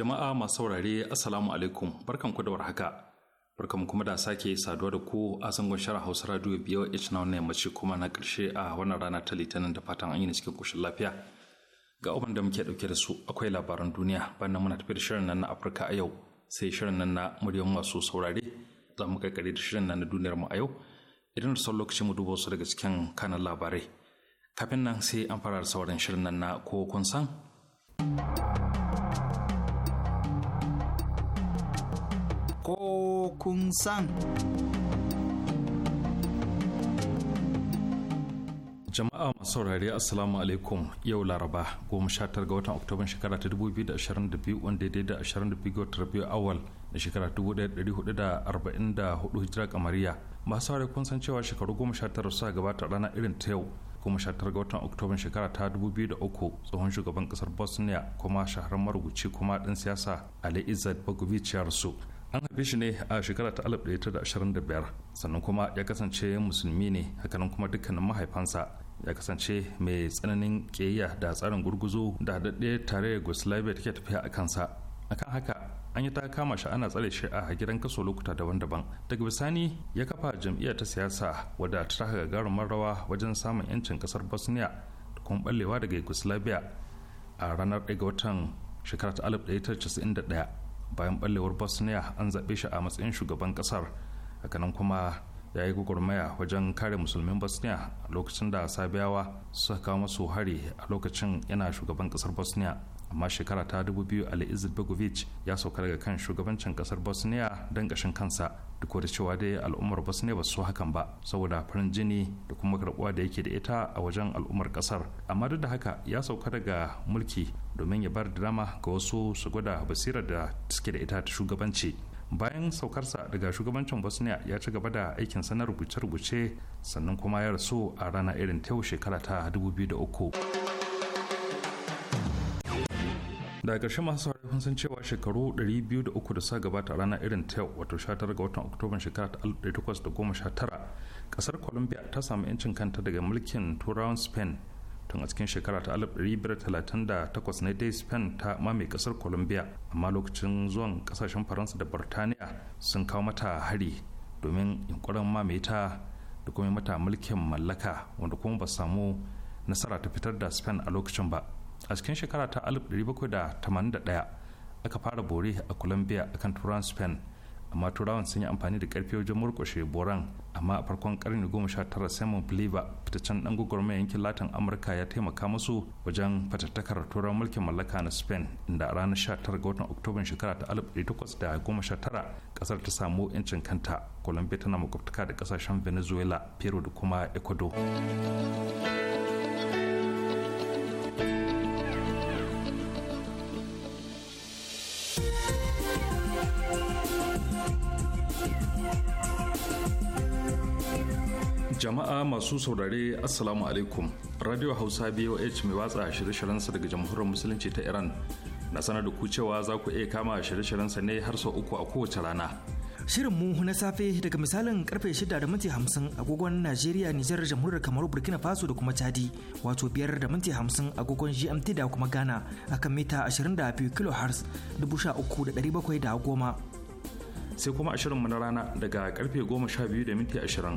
Jama'a masu saurare Assalamu alaikum barkan ku da warhaka. Barkan kuma da sake saduwa da ku a zangon shara Hausa Radio BOH na wannan yammaci kuma na karshe a wannan rana ta Litinin da fatan an yi cikin koshin lafiya. Ga abin da muke ɗauke da su akwai labaran duniya bayan muna tafi da shirin nan na Afirka a yau sai shirin nan na muryan masu saurare za mu kai da shirin nan na duniyar mu a yau idan da son lokaci mu duba wasu daga cikin kanan labarai. Kafin nan sai an fara da sauran shirin nan na ko kun san. ko kun san. jama'a masu saurari assalamu alaikum yau laraba goma sha tara ga watan oktoban shekara ta dubu biyu da ashirin da biyu wanda ya da ashirin da biyu ga watan biyu awal na shekara dubu ɗaya ɗari hudu da arba'in da hudu hijira kamariya masu saurari kun san cewa shekaru goma sha tara suka gabata rana irin ta yau goma sha tara ga watan oktoban shekara ta dubu biyu da uku tsohon shugaban kasar bosnia kuma shahararren marubuci kuma ɗan siyasa ali izzat bogovic ya rasu an haife shi ne a shekara ta 1925 sannan kuma ya kasance musulmi ne hakanan kuma dukkanin mahaifansa ya kasance mai tsananin ƙiyayya da tsarin gurguzo da haɗaɗɗe tare yugoslavia take tafiya a kansa akan haka an yi ta kama shi ana tsare shi a gidan kaso lokuta daban-daban daga bisani ya kafa jam'iyyar ta siyasa wadda ta taka gagarumin rawa wajen samun 'yancin kasar bosnia da kuma ballewa daga yugoslavia a ranar ɗaya ga watan shekarar 1991 bayan ballewar bosnia an zaɓe shi a matsayin shugaban ƙasar hakanan kuma ya yi gwagwarmaya wajen kare musulmin bosnia a lokacin da sabiyawa suka kawo masu hari a lokacin yana shugaban ƙasar bosnia amma shekara ta biyu ali izbegovic ya sauka daga kan shugabancin kasar bosnia don gashin kansa duk da cewa dai al'ummar bosnia ba su hakan ba saboda farin jini da kuma karbuwa da yake da ita a wajen al'ummar kasar amma duk da haka ya sauka daga mulki domin ya bar drama ga wasu su gwada basirar da suke da ita ta shugabanci bayan saukarsa daga shugabancin bosnia ya ci gaba da aikin sanar rubuce-rubuce sannan kuma ya rasu a rana irin ta shekara ta uku. da ƙarshen masu saurari kun san cewa shekaru 203 da sa gabata rana irin ta wato 19 ga watan oktoba shekara ta 1819 kasar colombia ta samu 'yancin kanta daga mulkin turawan spain tun a cikin shekara ta 1538 ne dai spain ta mame kasar colombia amma lokacin zuwan kasashen faransa da burtaniya sun kawo mata hari domin yunkurin mame ta da kuma mata mulkin mallaka wanda kuma ba samu nasara ta fitar da spain a lokacin ba a cikin shekara ta 1781 aka fara bore a colombia akan turan spain amma turawan sun yi amfani da karfi wajen murkushe boran amma a farkon karni goma sha tara simon bolivar fitaccen dan gwagwarmaya yankin latin amurka ya taimaka musu wajen fatattakar turan mulkin mallaka na spain inda a ranar 19 ga watan oktoban shekara ta alif da goma sha kasar ta samu yancin kanta colombia tana makwabtaka da kasashen venezuela peru da kuma ecuador jama'a masu saurare assalamu alaikum radio hausa boh mai watsa shirye shiryen sa daga jamhuriyar musulunci ta iran na sanar da ku cewa za ku iya kama shirye shiryen sa ne har sau uku a kowace rana shirin mu na safe daga misalin karfe shida da minti 50 agogon najeriya nijar jamhuriyar kamaru burkina faso da kuma chadi wato biyar da minti 50 agogon gmt da kuma ghana akan mita 22 kilohertz 13710 sai kuma ashirinmu na rana daga karfe goma sha 12 da minti ashirin.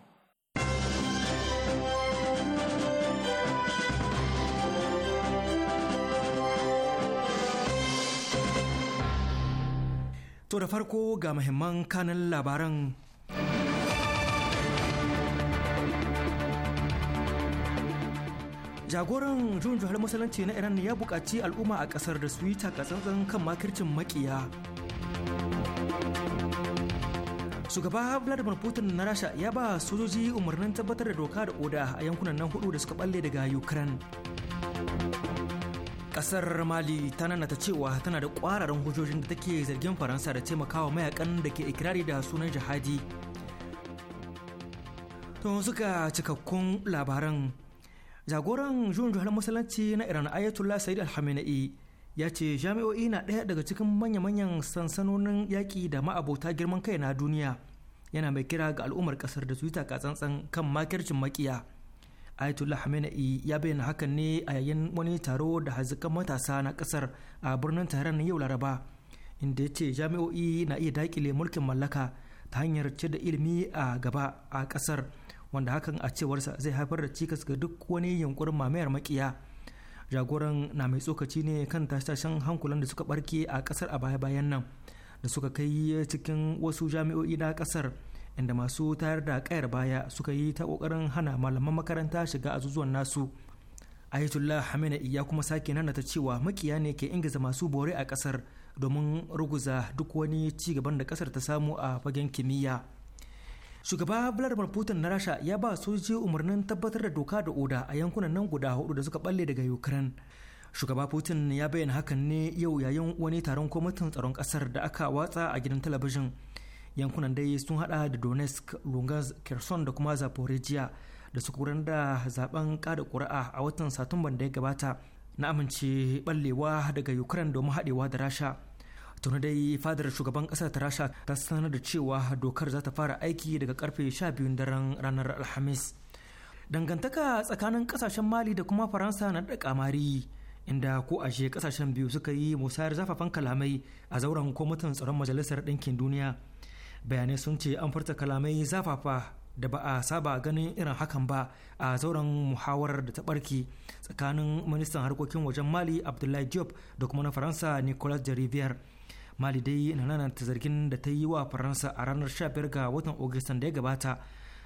To da farko ga mahimman kanan labaran. Jagoran junjuhar juhar na Iran ya bukaci al'umma a ƙasar da su yi takatsantsan kan makircin makiya. Shugaba Vladimir Putin na Rasha ya ba sojoji umarnin tabbatar da doka da oda a yankunan nan hudu da suka balle daga Ukraine. kasar mali ta nanata cewa tana da kwararan hujjojin da take zargin faransa da taimakawa mayakan da ke ikirari da sunan jihadi to suka cikakkun labaran jagoran jun juhar masalanci na iran ayatollah said alhaminai ya ce jami'o'i na ɗaya daga cikin manya-manyan sansanonin yaƙi da ma'abota girman kai na duniya yana mai kira ga al'ummar ƙasar da su yi tsantsan kan makircin makiya Ayatollah Khamenei ya bayyana hakan ne a yayin wani taro da hazikan matasa na kasar a birnin Tehran yau Laraba inda ya ce jami'o'i na iya dakile mulkin mallaka ta hanyar ce da ilimi a gaba a kasar wanda hakan a cewarsa zai haifar da cikas ga duk wani yunkurin mamayar makiya jagoran na mai tsokaci ne kan tashen hankulan da suka barke a kasar a baya-bayan nan da suka kai cikin wasu jami'o'i na kasar inda masu tayar da kayar baya suka yi ta kokarin hana malaman makaranta shiga azuzuwan nasu ayatullah hamina ya kuma sake nana ta cewa makiya ne ke ingiza masu bore a kasar domin ruguza duk wani ci gaban da kasar ta samu a fagen kimiyya shugaba vladimir putin na rasha ya ba sojoji umarnin tabbatar da doka da oda a yankunan nan guda hudu da suka balle daga ukraine shugaba putin ya bayyana hakan ne yau yayin wani taron kwamitin tsaron kasar da aka watsa a gidan talabijin yankunan dai sun hada da donetsk lugansk kherson da kuma zaporizhia da su kuran da zaben kada kuri'a a watan satumban da ya gabata na amince ballewa daga ukraine domin haɗewa da rasha tuni dai fadar shugaban ƙasar ta rasha ta sanar da cewa dokar za ta fara aiki daga karfe 12 daren ranar alhamis dangantaka tsakanin kasashen mali da kuma faransa na da kamari inda ko ashe kasashen biyu suka yi musayar zafafan kalamai a zauren kwamitin tsaron majalisar ɗinkin duniya bayanai sun ce an furta kalamai zafafa da ba a saba ganin irin hakan ba a zauren muhawarar da ta barki tsakanin ministan harkokin wajen mali abdullahi diop da kuma na faransa nicolas de rivière mali dai na nananta zargin da ta yi wa faransa a ranar 15 ga watan ogistan da ya gabata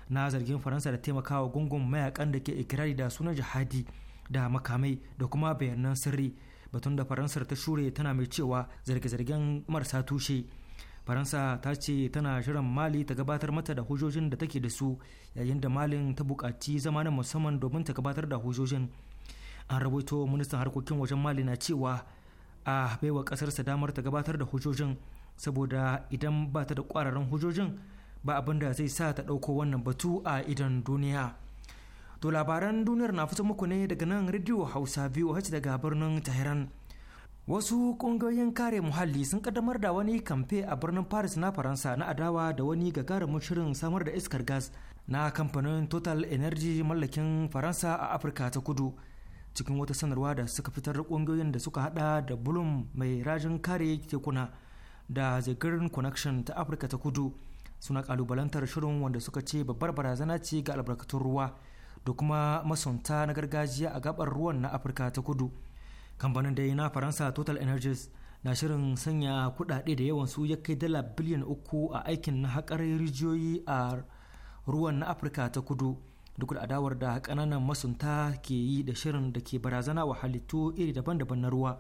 na zargin faransa da taimakawa gungun mayakan da ke ikirari da sunan jihadi da makamai da kuma bayanan sirri batun da faransar ta shure tana mai cewa zarge-zargen marasa tushe faransa ta ce tana shirin mali ta gabatar mata da hujojin da take da su yayin da malin ta bukaci zama na musamman domin ta gabatar da hujojin an rawaito ministan harkokin wajen mali na cewa a baiwa ƙasarsa damar ta gabatar da hujojin saboda idan ba ta da ƙwararrun hujojin ba abin da zai sa ta ɗauko wannan batu a idan duniya to labaran duniyar na fito muku ne daga nan rediyo hausa biyu hace daga birnin tehran wasu ƙungiyoyin kare muhalli sun kaddamar da wani kamfe a birnin paris na faransa na adawa da wani gagarumin shirin samar da iskar gas na kamfanin total energy mallakin faransa a afirka ta kudu cikin wata sanarwa da suka fitar ƙungiyoyin da suka hada da bulum mai rajin kare tekuna da the green connection ta afirka ta kudu suna kalubalantar shirin wanda suka ce babbar barazana ce ga albarkatun ruwa da kuma masunta na gargajiya a gabar ruwan na afirka ta kudu kamfanin dai na faransa total energies na shirin sanya kudade da yawan su ya kai dala biliyan uku a aikin na haƙar rijiyoyi a ruwan na afirka ta kudu duk da adawar da ƙananan masunta ke yi da shirin da ke barazana wa halittu iri daban-daban na ruwa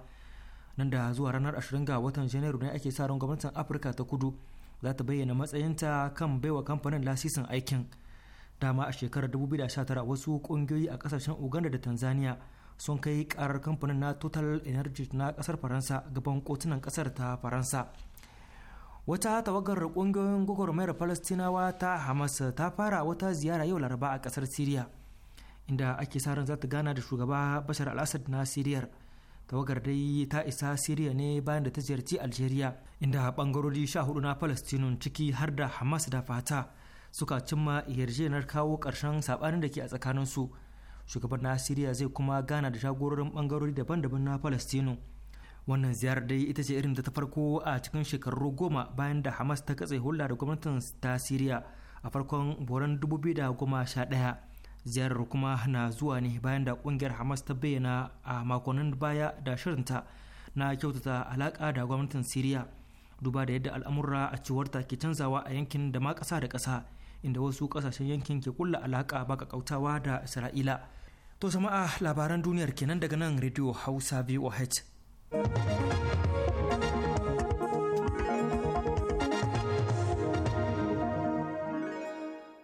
nan da zuwa ranar 20 ga watan janairu ne ake sa ran gwamnatin afirka ta kudu za ta bayyana matsayinta kan baiwa kamfanin lasisin aikin dama a shekarar 2019 wasu ƙungiyoyi a kasashen uganda da tanzania sun kai karar kamfanin na total energy na kasar faransa gaban kotunan kasar ta faransa wata tawagar kungiyoyin gwagwarmayar palestinawa ta hamas ta fara wata ziyara yau laraba a kasar syria inda ake sa ran za ta gana da shugaba bashar al-assad na siriyar tawagar dai ta isa siriya ne bayan da ta ziyarci algeria inda bangarori sha hudu na palestinun ciki har da hamas da fata suka cimma yarjejeniyar kawo ƙarshen saɓanin da ke a tsakaninsu shugaban na siriya zai kuma gana da shagororin bangarori daban-daban na palestino wannan ziyarar dai ita ce irin da ta farko a cikin shekaru goma bayan da hamas ta katse hulɗa da gwamnatin ta siriya a farkon boran 2011 ziyarar kuma na zuwa ne bayan da kungiyar hamas ta bayyana a makonnin baya da shirinta na kyautata alaka da gwamnatin siriya duba da yadda al'amura a cewarta ke canzawa a yankin da ma ƙasa da ƙasa inda wasu ƙasashen yankin ke kulla alaƙa baka kautawa da isra'ila To jama'a labaran duniyar kenan daga nan Radio Hausa VOH.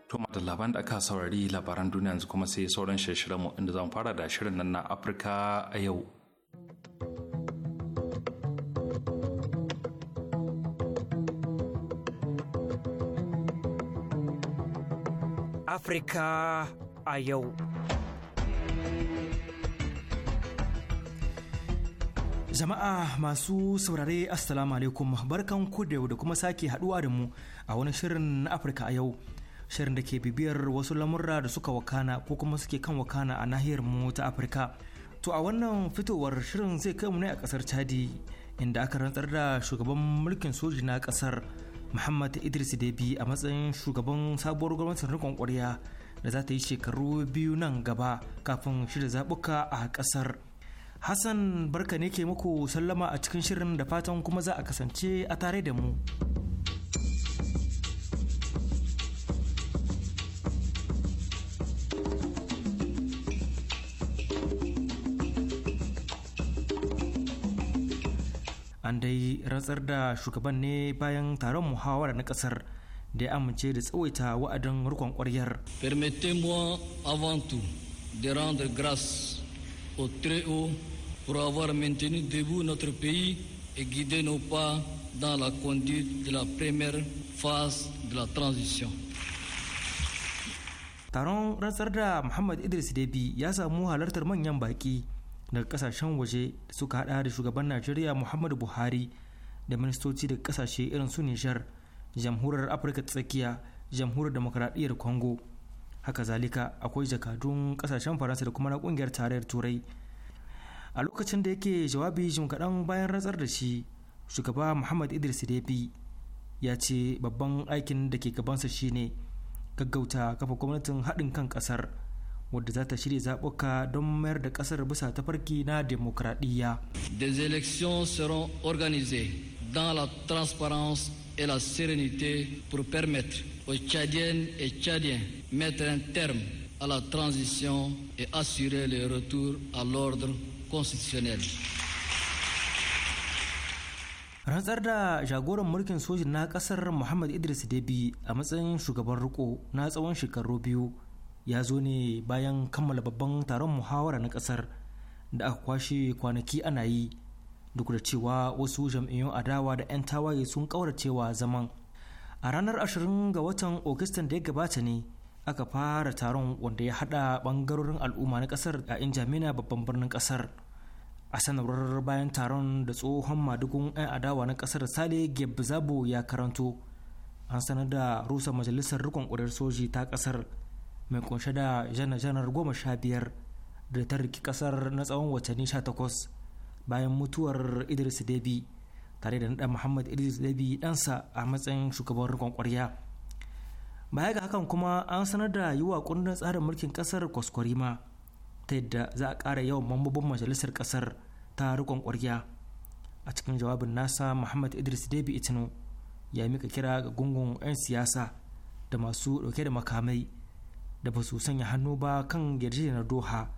Tuma da labaran da aka saurari labaran duniya yanzu kuma sai sauran shirin mu inda zan fara da shirin nan na Afirka a yau. Afirka a yau. Jama'a masu saurare Assalamu alaikum barkan ku da da kuma sake haduwa da mu a wani shirin na Afirka a yau. Shirin da ke bibiyar wasu lamurra da suka wakana ko kuma suke kan wakana a nahiyar mu ta Afirka. To a wannan fitowar shirin zai kai mu ne a kasar Chadi inda aka rantsar da shugaban mulkin soji na kasar Muhammad Idris Debi a matsayin shugaban sabuwar gwamnatin rikon kwarya da za ta yi shekaru biyu nan gaba kafin shirya zabuka a kasar. Hassan barka ne ke muku sallama a cikin shirin da fatan kuma za a kasance a tare da mu. An dai rantsar da shugaban ne bayan taron muhawara na ƙasar da ya amince da tsawaita wa'adin rukon ƙwaryar Permettez-moi avant tout de rendre grâce au très haut pour avoir maintenu debout notre pays et guidé nos pas dans la conduite de la première phase de la transition. Taron rantsar da Muhammad Idris Debi ya samu halartar manyan baki daga kasashen waje da suka hada da shugaban Najeriya Muhammadu Buhari da ministoci daga kasashe irin su Nijar, Jamhuriyar Afirka Tsakiya, Jamhuriyar Demokradiyyar Congo. Haka zalika akwai jakadun kasashen Faransa da kuma na kungiyar tarayyar Turai. a lokacin da yake jawabi jim kaɗan bayan ratsar da shi shugaba muhammad idris debi ya ce babban aikin da ke gabansa shine gaggauta kafa gwamnatin haɗin kan ƙasar wadda za ta shirya zaɓuka don mayar da ƙasar bisa tafarki na demokradiyya. des élections seront organisées dans la transparence et la sérénité pour permettre aux Tchadiennes et Tchadiens mettre un terme à la transition et assurer le retour à l'ordre constitutionnelle. rantsar da jagoran mulkin sojin na kasar muhammad idris debi a matsayin shugaban riko na tsawon shekaru biyu ya zo ne bayan kammala babban taron muhawara na kasar da aka kwashe kwanaki ana yi duk da cewa wasu jam'iyyun adawa da 'yan tawaye sun kauracewa zaman a ranar 20 ga watan ogustan da ya gabata ne aka fara taron wanda ya hada bangarorin al'umma na kasar a injamina babban birnin kasar a sanarwar bayan taron da tsohon madugun 'yan adawa na kasar sale zabo ya karanto an sanar da rusa majalisar rikon kudar soji ta kasar mai kunshe da janar-janar goma sha biyar da ta riki kasar na tsawon watanni sha takwas bayan mutuwar idris debi tare da naɗa muhammad idris debi ɗansa a matsayin shugaban rikon kwarya baya ga hakan kuma an sanar da yi wa kundin tsarin mulkin kasar kwaskwarima ta yadda za a ƙara yawan mambobin majalisar ƙasar ta rikon kwarya a cikin jawabin nasa muhammad idris debi itinu ya mika kira ga gungun 'yan siyasa da masu ɗauke da makamai da ba su sanya hannu ba kan yarjejeniyar doha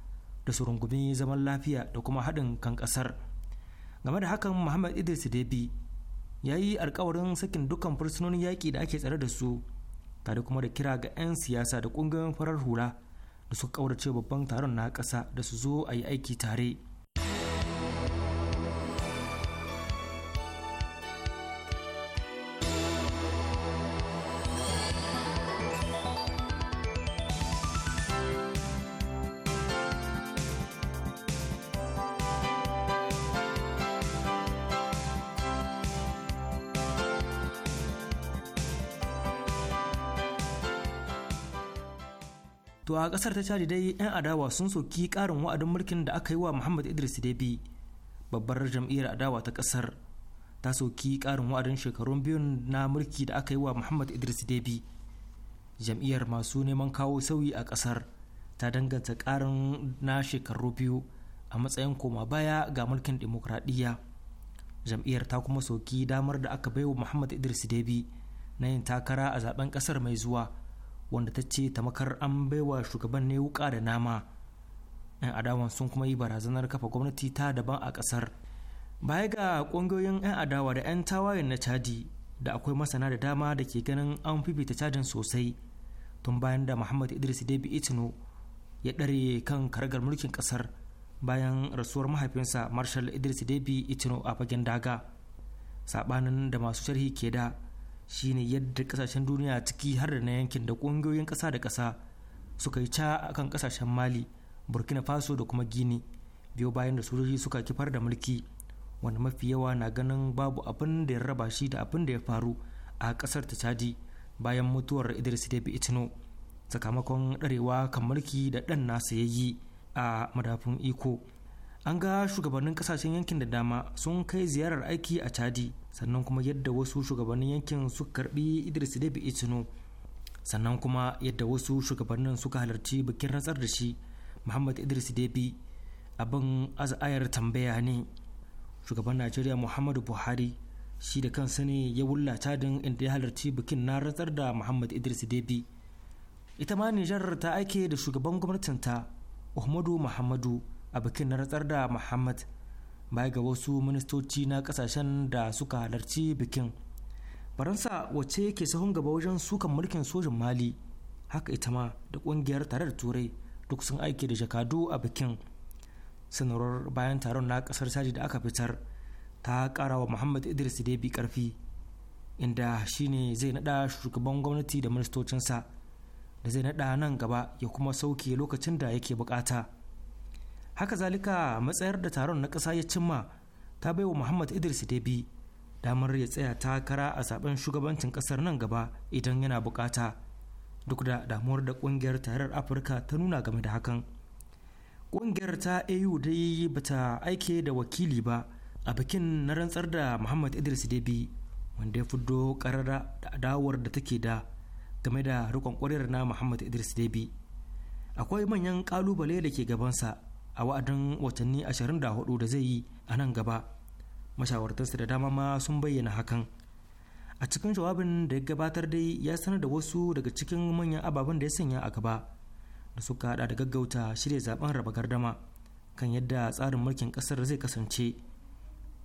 da su rungumi zaman lafiya da kuma haɗin kan ƙasar game da hakan muhammad idris debi ya yi alkawarin sakin dukkan fursunonin yaƙi da ake tsare da su tare kuma da kira ga 'yan siyasa da ƙungiyoyin farar hula da suka kaurace babban taron na ƙasa da su zo a yi aiki tare to a kasar ta caji dai 'yan adawa sun soki karin wa'adin mulkin da aka yi wa muhammad idris debi babbar jam'iyyar adawa ta kasar ta soki karin wa'adin shekarun biyun na mulki da aka yi wa muhammad idris debi jam'iyyar masu neman kawo sauyi a kasar ta danganta karin na shekaru biyu a matsayin koma baya ga mulkin dimokuraɗiyya. jam'iyyar ta kuma soki damar da aka baiwa muhammad idris debi na yin takara a zaben kasar mai zuwa wanda ta ce ta makar an baiwa shugaban ne wuka da nama yan adawan sun kuma yi barazanar kafa gwamnati ta daban a kasar baya ga ƙungiyoyin yan adawa da yan tawayen na chadi da akwai masana da dama da ke ganin an fifita cajin sosai tun bayan da muhammad idris debi itino ya ɗare kan karagar mulkin kasar bayan rasuwar mahaifinsa marshal idris debi itino a fagen daga sabanin da masu sharhi ke da shine yadda kasashen duniya ciki har da na yankin da ƙungiyoyin ƙasa da ƙasa suka yi ca akan ƙasashen mali burkina faso da kuma gini biyo bayan da sojoji suka kifar da mulki wanda mafi yawa na ganin babu abin da ya raba shi da abin da ya faru a ƙasar ta chadi bayan mutuwar idris debi itino sakamakon ɗarewa kan mulki da ɗan nasa ya a madafin iko an ga shugabannin kasashen yankin da dama sun kai ziyarar aiki a chadi sannan kuma yadda wasu shugabannin yankin suka karbi idris debi itino sannan kuma yadda wasu shugabannin suka halarci bikin rantsar da shi muhammad idris debi abin az'ayar tambaya ne shugaban najeriya muhammadu buhari shi da kansa ne ya wulla chadin inda ya halarci bikin na rantsar da muhammad idris debi ita ma nijar ta aike da shugaban gwamnatinta ahmadu muhammadu a bikin na ratsar da muhammad bai ga wasu ministoci na kasashen da suka halarci bikin faransa wacce yake sahun gaba wajen sukan mulkin sojin mali haka ita ma da kungiyar tare da turai duk sun aiki da jakadu a bikin sanarwar bayan taron na kasar saji da aka fitar ta kara wa muhammad idris debi karfi inda shine zai nada shugaban gwamnati da ministocinsa da zai nada nan gaba ya kuma sauke lokacin da yake bukata. haka zalika matsayar da taron na ƙasa ya cimma ta bai wa muhammad idris debi damar ya tsaya takara a zaben shugabancin ƙasar nan gaba idan yana bukata duk da damuwar da ƙungiyar tarar afirka ta nuna game da hakan ƙungiyar ta au dai bata aike da wakili ba a bikin na rantsar da muhammad idris debi wanda ya fiddo karara da adawar da take da game da rikon ƙwarar na muhammad idris debi akwai manyan ƙalubale da ke gabansa a wa'adin watanni 24 da zai yi a nan gaba mashawartarsa da dama ma sun bayyana hakan a cikin jawabin da ya gabatar dai ya sanar da wasu daga cikin manyan ababen da ya sanya a gaba da suka hada da gaggauta shirya zaben raba gardama kan yadda tsarin mulkin kasar zai kasance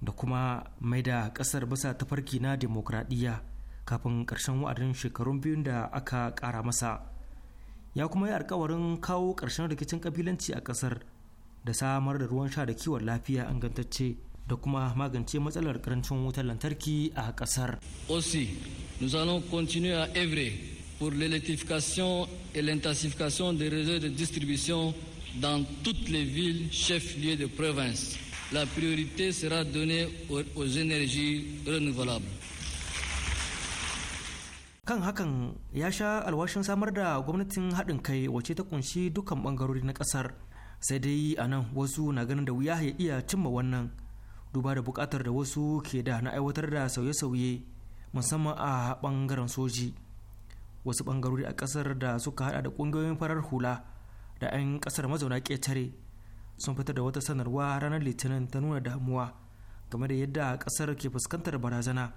da kuma mai da kasar ta farki na demokradiyya kafin karshen wa'adin shekarun biyun da aka kara masa ya kuma yi alkawarin kawo karshen rikicin kabilanci a kasar da samar da ruwan sha da kiwon lafiya ingantacce da kuma magance matsalar karancin wutar lantarki a kasar. Aussi, nous allons continuer à œuvrer pour l'électrification et l'intensification des réseaux de distribution dans toutes les villes chefs-lieux de province. La priorité sera donnée aux, énergies renouvelables. kan hakan ya sha alwashin samar da gwamnatin haɗin kai wace ta kunshi dukkan ɓangarori na ƙasar sai dai a nan wasu na ganin da wuya ya iya cimma wannan duba da bukatar da wasu ke da na aiwatar da sauye-sauye musamman a bangaren soji wasu bangarori a kasar da suka hada da kungiyoyin farar hula da 'yan kasar mazauna ketare sun fitar da wata sanarwa ranar litinin ta nuna damuwa game da yadda kasar ke fuskantar barazana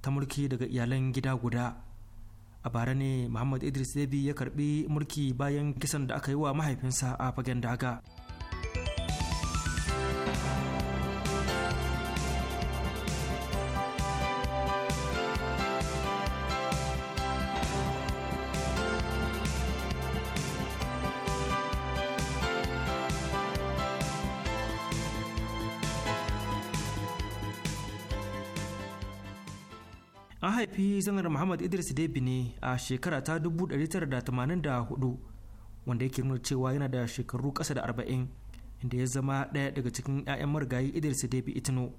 ta mulki daga iyalan gida guda a bara ne muhammad idris debi ya karbi mulki bayan kisan da aka yi wa mahaifinsa a fagen daga haifi sanar muhammad idris debi ne a shekara ta 1984 wanda yake nuna cewa yana da shekaru kasa da 40 inda ya zama ɗaya daga cikin 'ya'yan marigayi idris debi itino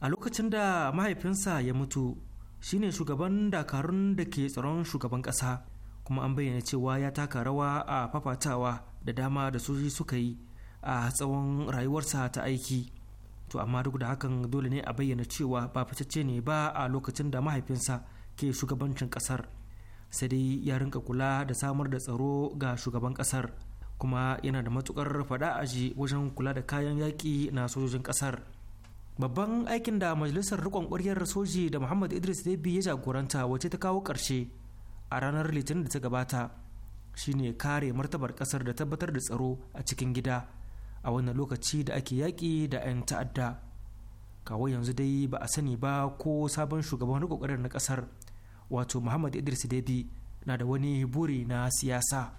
a lokacin da mahaifinsa ya mutu shine shugaban dakarun da ke tsaron shugaban ƙasa kuma an bayyana cewa ya taka rawa a fafatawa da dama da soji suka yi a tsawon rayuwarsa ta aiki to amma duk da hakan dole ne a bayyana cewa ba fitacce ne ba a lokacin da mahaifinsa ke shugabancin kasar sai dai ya rinka kula da samar da tsaro ga shugaban kasar kuma yana da matukar fada a ji wajen kula da kayan yaƙi na sojojin kasar babban aikin da majalisar rikon ƙwaryar soji da muhammad idris debi ya jagoranta wace ta kawo ƙarshe a ranar litinin da ta gabata shine kare martabar kasar da tabbatar da tsaro a cikin gida a wannan lokaci da ake yaƙi da 'yan ta'adda kawai yanzu dai ba a sani ba ko sabon shugaban riko na ƙasar wato muhammad idris debi na da wani buri na siyasa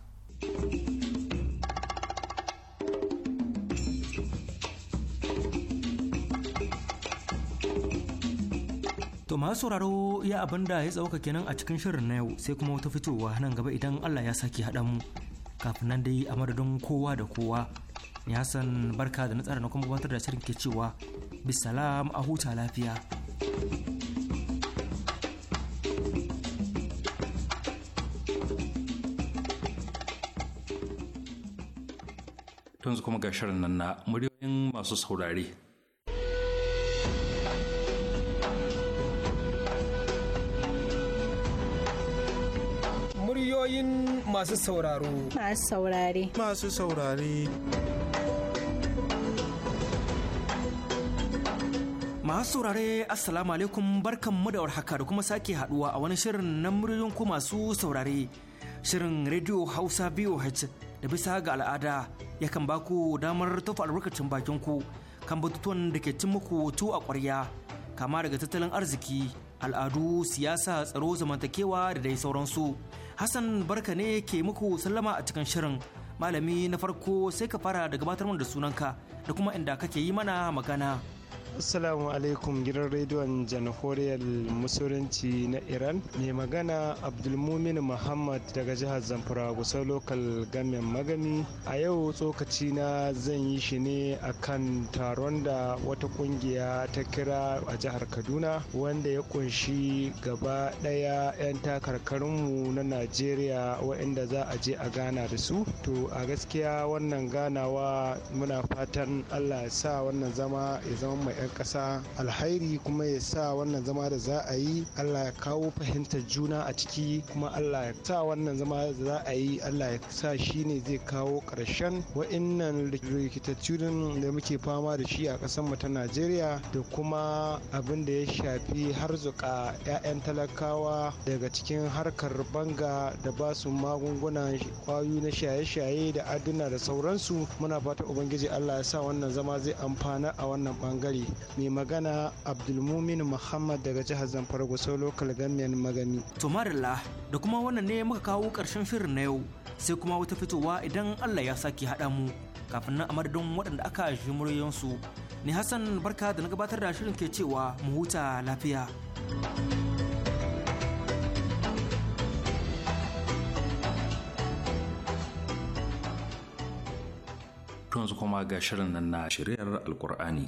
To masu sauraro ya abin da ya tsauka kenan a cikin shirin na yau sai kuma wata fitowa nan gaba idan Allah ya sake haɗa mu kafin nan dai a madadin kowa da kowa ni hassan barka da na tsara na kuma gabatar da shirin ke cewa bisalam a huta lafiya Tunzu kuma ga shirin nan na muryoyin masu saurare muryoyin masu sauraro masu saurare masu saurare Masu saurare Assalamu alaikum barkanmu da warhaka da kuma sake haduwa a wani shirin na muryoyin ku masu saurare. Shirin Radio Hausa VOH da bisa ga al'ada yakan baku damar tofa albarkacin bakin ku kan batutuwan da ke cin muku tu a ƙwarya kama daga tattalin arziki, al'adu, siyasa, tsaro, zamantakewa da dai sauransu. Hassan barka ne ke muku sallama a cikin shirin. Malami na farko sai ka fara da gabatar da sunanka da kuma inda kake yi mana magana. Assalamu alaikum gidan rediyon janahoriyar musulunci na Iran. Mai magana Abdulmumin Muhammad daga jihar Zamfara Gusau lokal gamin magani. A yau tsokaci na zan yi shi ne kan taron da wata kungiya ta kira a jihar Kaduna wanda ya kunshi gaba ɗaya 'yan takarkarinmu na Najeriya wainda za a je a gana da su. To a gaskiya wannan ganawa muna fatan Allah ya sa wannan zama ya zama mai 'yan ƙasa alhairi kuma ya sa wannan zama da za a yi allah ya kawo fahimtar juna a ciki kuma allah ya sa wannan zama da za a yi allah ya sa shi ne zai kawo ƙarshen wa'innan rikitattun da muke fama da shi a ƙasar mu ta najeriya da kuma abin da ya shafi harzuka 'ya'yan talakawa daga cikin harkar banga da ba su magunguna kwayoyi na shaye-shaye da aduna da sauransu muna fata ubangiji allah ya sa wannan zama zai amfana a wannan bangare mai magana abdulmumin muhammad daga jihar zamfara gusau lokal ganyen magani to marilla da kuma wannan ne muka kawo karshen shirin na yau sai kuma wata fitowa idan allah ya sake haɗa mu kafin nan a madadin waɗanda aka shi muryoyinsu ni hassan barka da na gabatar da shirin ke cewa mu huta lafiya yanzu kuma ga shirin nan na shiriyar alkur'ani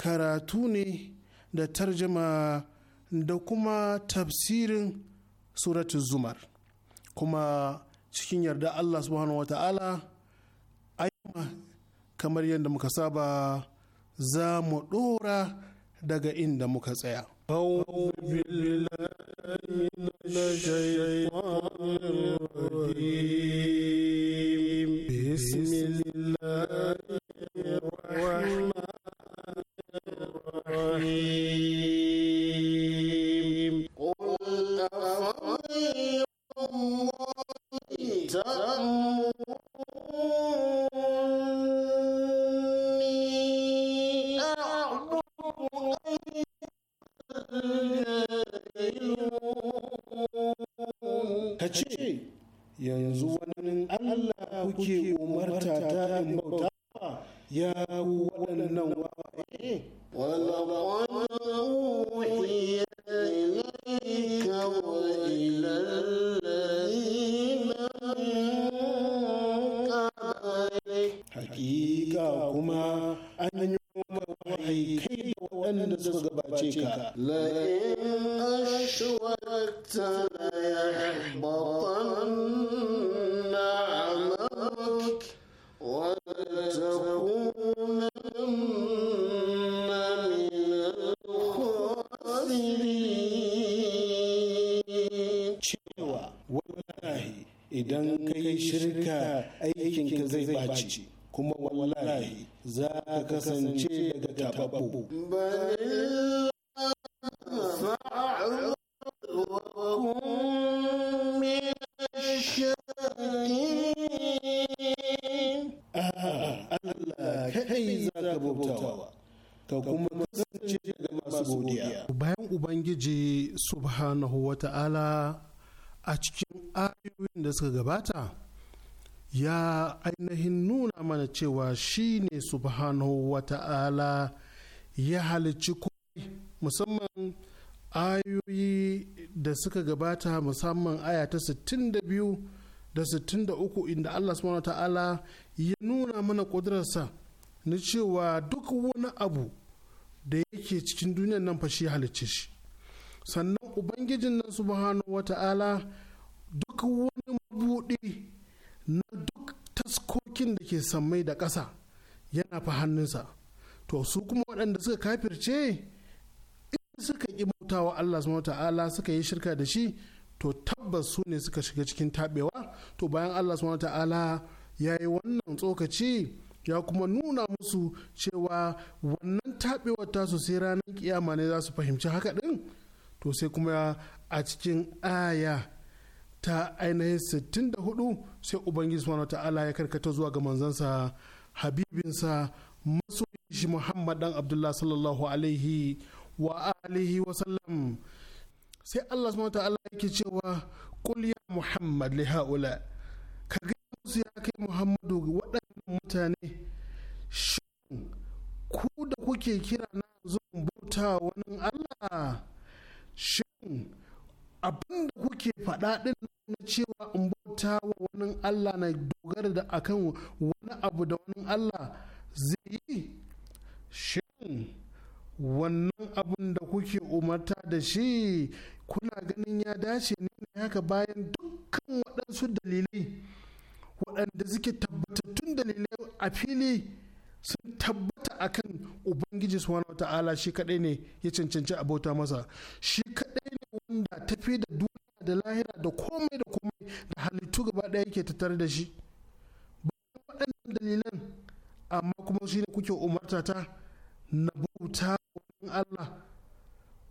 karatu ne da tarjama da kuma tafsirin suratul zumar kuma cikin yarda Allah subhanahu wata'ala ayyuma kamar yadda muka saba za mu ɗora daga inda muka tsaya. بسم الله الرحمن الرحيم قل أفغير الله idan ka yi shirka aikinka zai ɓaci kuma wallahi za ka kasance daga tababbo. Allah kai za ka bautawa ka kuma masu godiya. Bayan Ubangiji Subhanahu wa ta'ala a cikin ayoyin da suka gabata ya ainihin nuna mana cewa shi ne subhanahu wa ta'ala ya halicci komai musamman ayoyi da suka gabata musamman aya ta 62 da 63 inda Allah subhanahu wa ya nuna mana kudurarsa na cewa duk wani abu da yake cikin duniyar nan fa shi halicce shi sannan ubangijin nan subhanahu wata'ala duk wani mabuɗi na duk taskokin da ke sammai da ƙasa yana fa hannunsa to su kuma waɗanda suka kafirce in suka ƙi mutawa Allah subhanahu wata'ala suka yi shirka da shi to tabbas su ne suka shiga cikin taɓewa to bayan Allah subhanahu wata'ala ya yi wannan tsokaci ya kuma nuna musu cewa wannan taɓewar tasu sai ranar kiyama ne za su fahimci haka ɗin to sai kuma a cikin aya ta ainihin 64 sai ubangiji subhanahu ta'ala ya karkata zuwa ga manzansa habibinsa masoyin shi muhammad dan abdullah sallallahu alaihi wa alihi wa sallam sai allah subhanahu ta'ala yake cewa qul ya muhammad li haula ka ga musu ya kai muhammadu waɗannan mutane shi ku da kuke kira na zuwa bauta wani allah shin abin da kuke faɗa ɗin na cewa in bauta wa wani Allah na dogara da akan wani abu da wani Allah zai yi shin wannan abin da kuke umarta da shi kuna ganin ya dace ne haka bayan dukkan waɗansu dalilai waɗanda suke tabbatattun dalilai a fili sun tabbata a akan ubangiji subhanahu wata'ala shi kadai ne ya cancanci abota masa shi kadai ne wanda tafi da duniya da lahira da komai da komai da halittu gaba daya yake tattare da shi da waɗannan dalilan amma kuma shi ne kuke umarta ta na bauta wurin Allah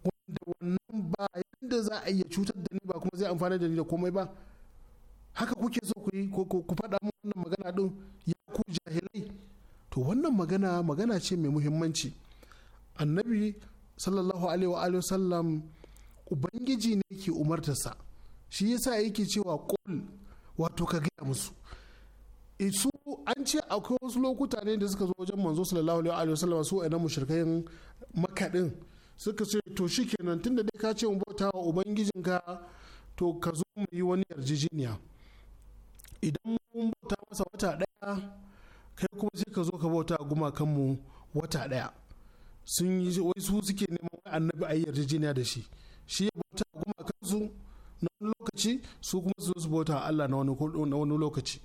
wanda wannan ba yadda za a iya cutar da ni ba kuma zai amfana da ni da komai ba haka kuke so ku yi ku faɗa mu wannan magana din ya ku jahilai to wannan magana magana ce mai muhimmanci annabi sallallahu alaihi wa ubangiji ne ke umartarsa shi yasa yake cewa kul wato ka gaya musu eh, su an ce akwai wasu lokuta ne da suka zo wajen manzo sallallahu alaihi wa sallam su ainihin mushrikan din suka ce to shikenan tunda dai ka ce mu bauta wa ubangijinka to ka zo mu yi wani yarjejeniya idan mun bauta masa wata daya. kai kuma sai ka zo ka bauta gumakan mu wata daya sun yi wai su suke neman annabi ayi yarjejeniya da shi shi ya bauta gumakan su na wani lokaci su kuma su su bauta Allah na wani lokaci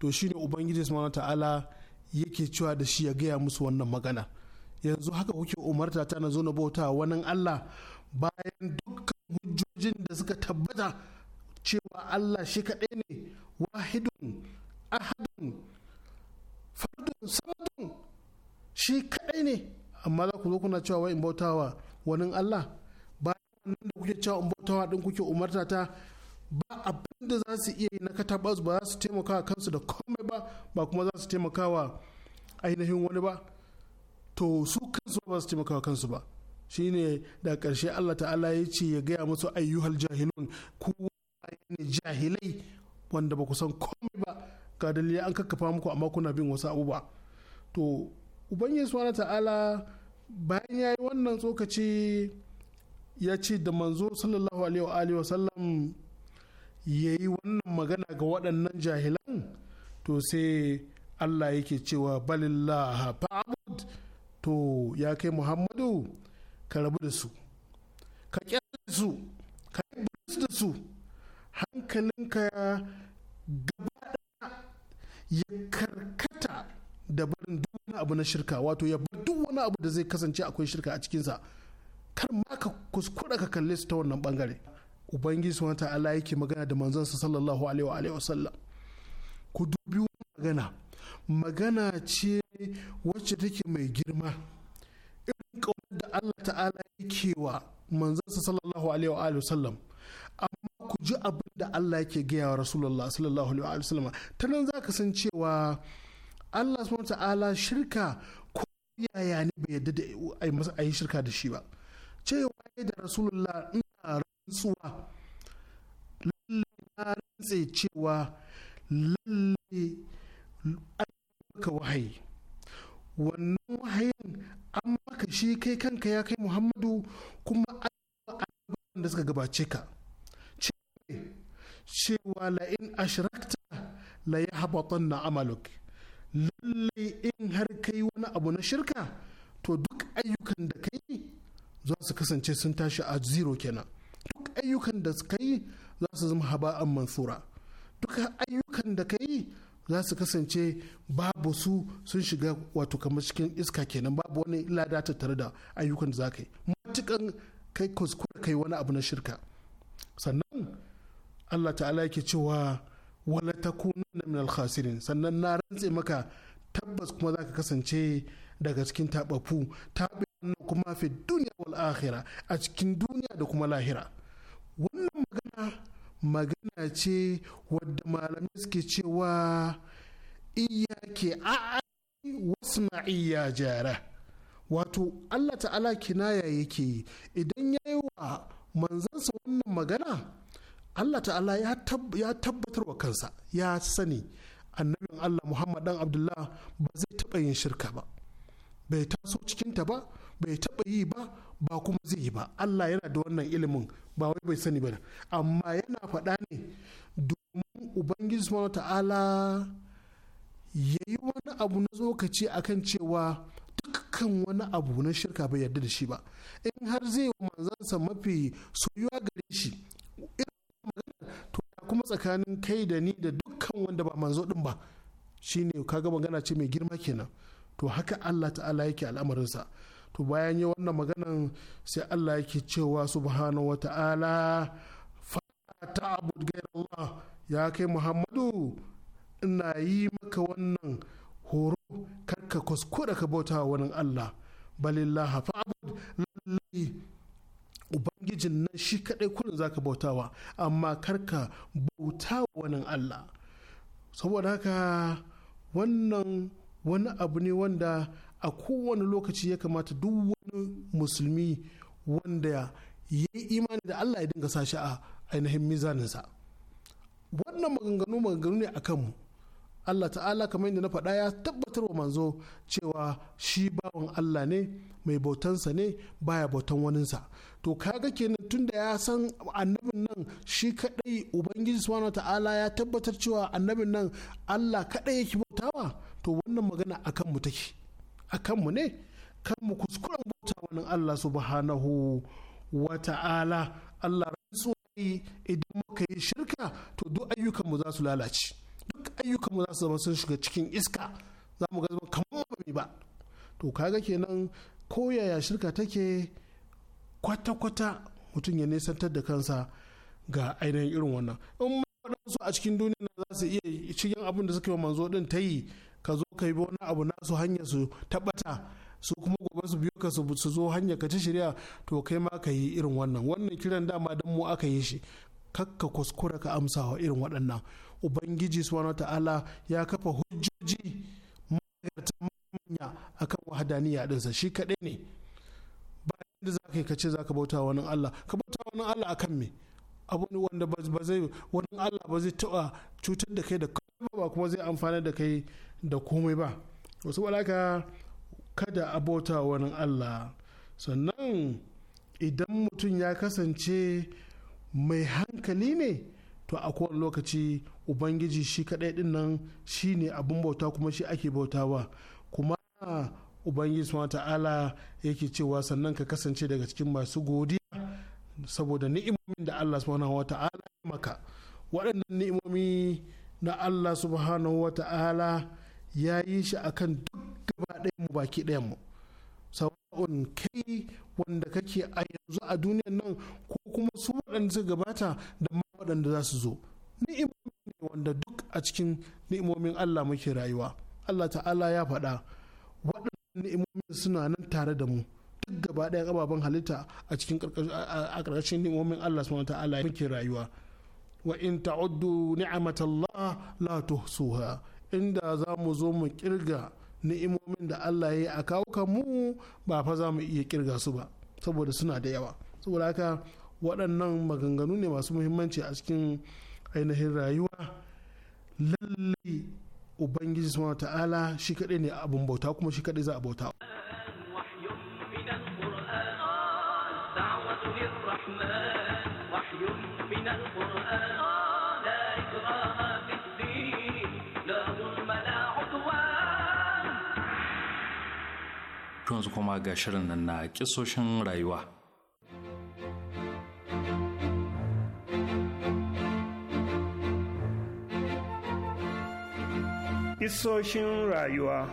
to shine ubangiji subhanahu ta'ala yake cewa da shi ya gaya musu wannan magana yanzu haka kuke umarta ta na zo na bauta wannan Allah bayan dukkan hujjojin da suka tabbata cewa Allah shi kaɗai ne wahidun ahadun fardun sabatun shi kaɗai ne amma za ku zo kuna cewa wai in bautawa wani Allah ba nan da kuke cewa in bautawa din kuke umarta ta ba abin za su iya yi na katabas ba za su taimaka wa kansu da komai ba ba kuma za su taimaka wa ainihin wani ba to su kansu ba su taimaka wa kansu ba shine da karshe Allah ta'ala ya ce ya gaya musu ayyuhal jahilun ku ne jahilai wanda ba ku san komai ba ga dalilai an kakkafa muku amma kuna bin wasu abubuwa to ubangiji wani ta'ala bayan ya yi wannan tsokaci ya ce da manzo sallallahu alaihi wa sallam ya yi wannan magana ga waɗannan jahilan to sai allah yake cewa balillah fa'abud to ya kai muhammadu ka rabu da su ka da su ka yi da su hankalinka gab ya karkata da barin duk wani abu na shirka wato ya bar duk wani abu da zai kasance akwai shirka a cikinsa kar ma ka kuskura ka kalle su ta wannan bangare ubangiji wata ta'ala yake magana da sa sallallahu alaihi wa alihi wasallam ku dubi magana magana ce wacce take mai girma irin kaunar da Allah ta'ala yake wa sa sallallahu alaihi wa sallam. amma ku ji abin da Allah yake gaya wa Rasulullah sallallahu alaihi wa sallam ta nan za ka san cewa Allah subhanahu ta'ala shirka ko yaya ne bai yadda da ai masa ai shirka da shi ba cewa da Rasulullah ina rantsuwa lalle na rantse cewa lalle ka wahayi wannan wahayin an maka shi kai kanka ya kai Muhammadu kuma an da suka gabace ka cewa la'in ashirakta la ya habatan na amaluk lallai in har kai wani abu na shirka to duk ayyukan da kai za su kasance sun tashi a zero kenan duk ayyukan da kai za su zama haba'an mansura duk ayyukan da kai za su kasance babu su sun shiga wato kamar cikin iska kenan babu wani lada tare da ayyukan da za ka yi matukan kai kuskure kai wani abu na shirka sannan Allah ta'ala yake cewa wala takunanna min al-khasirin sannan na rantse maka tabbas kuma zaka kasance daga cikin tabafu tabe kuma fi duniya wal akhira a cikin duniya da kuma lahira wannan magana magana ce wadda malamai suke cewa iyake a wasma'i ya jara wato Allah ta'ala kinaya yake idan ya yi wa manzansa wannan magana Allah ta'ala ya tabbatar wa kansa ya sani annabin Allah Muhammad dan Abdullah ba zai taɓa yin shirka ba bai taso cikinta ba bai taɓa yi ba ba kuma zai yi ba Allah yana da wannan ilimin ba wai bai sani ba amma yana faɗa ne domin Ubangiji subhanahu ta'ala ya yi wani abu na tsokaci akan cewa dukkan wani abu na shirka bai yarda da shi ba in har zai manzansa mafi soyuwa gare shi to kuma tsakanin kai da ni da dukkan wanda ba manzo din ba shine ga magana ce mai girma kenan to haka Allah ta'ala yake al'amarinsa to bayan yi wannan maganan sai Allah yake cewa subhanahu wa ta'ala ta'abud Allah ya kai Muhammadu ina yi maka wannan horo karka kuskura ka bauta wa wani Allah balillah fa'abud lallai ubangijin nan shi kaɗai kadai za zaka bautawa amma karka bauta wannan Allah saboda haka wannan wani abu ne wanda a kowane lokaci ya kamata duk wani musulmi wanda ya yi imani da Allah ya dinga sashi a ainihin mizaninsa wannan maganganu maganganu ne a kanmu Allah ta'ala kamar yadda na faɗa ya tabbatar wa manzo cewa shi bawan Allah ne mai bautansa ne baya bautan waninsa to kaga kenan tunda ya san annabin nan shi kadai ubangiji subhanahu ta'ala ya tabbatar cewa annabin nan Allah kadai yake bautawa to wannan magana akan mu take akan mu ne kan mu kuskuren bauta wani Allah subhanahu wa ta'ala Allah rantsuwa idan muka yi shirka to duk ayyukan mu za su lalace duk ayyukanmu za su zama sun shiga cikin iska za mu ga zama kamar bai ba to kaga kenan ko yaya shirka take kwata-kwata mutum ya nesantar da kansa ga ainihin irin wannan in waɗansu a cikin duniya za su iya cikin abin da suka yi manzo din ta yi ka zo ka yi wani abu nasu hanyar su tabbata su kuma gobe su biyo ka su zo hanyar ka ci shirya to kai ma ka yi irin wannan wannan kiran dama don mu aka yi shi kakka kuskura ka amsa wa irin waɗannan ubangiji subhanahu ta'ala ya kafa hujjoji manya akan wahadaniya yaɗinsa. shi kaɗai ne ba da za ka yi kace za ka bauta wani Allah ka bauta wani Allah akan me abu ne wanda ba zai wani Allah ba zai taɓa cutar da kai da kuma ba kuma zai amfana da kai da komai ba wasu walaka kada a bauta wani Allah sannan idan mutum ya kasance mai hankali ne to a kowane lokaci ubangiji shi kadai din nan shi ne abin bauta kuma shi ake bautawa kuma ubangiji su ta'ala yake cewa sannan ka kasance daga cikin masu godiya saboda ni'imomin da Allah subhanahu wa ta'ala maka waɗannan ni'imomi na Allah subhanahu wa ta'ala ya yi shi akan duk gaba ɗayan mu baki ɗayan mu sawa'un kai wanda kake a yanzu a duniyan nan ko kuma su waɗanda suka gabata da ma waɗanda za su zo ni'imomi ne wanda duk a cikin ni'imomin Allah muke rayuwa Allah ta'ala ya faɗa waɗannan ni'imomin suna nan tare da mu duk gaba ɗaya ababen halitta a cikin ƙarƙashin ni'imomin Allah subhanahu ta'ala muke rayuwa wa in ta'uddu ni'matallah la tuhsuha inda za mu zo mu kirga ni'imomin da Allah ya yi a kawo mu ba fa za mu iya kirga su ba saboda suna da yawa saboda haka waɗannan maganganu ne masu muhimmanci a cikin ainihin rayuwa lalle ubangiji subhanahu ta'ala shi kaɗai ne abin bauta kuma shi kaɗai za a bauta من القرآن to yanzu kuma ga shirin nan na kisoshin rayuwa. Kisoshin rayuwa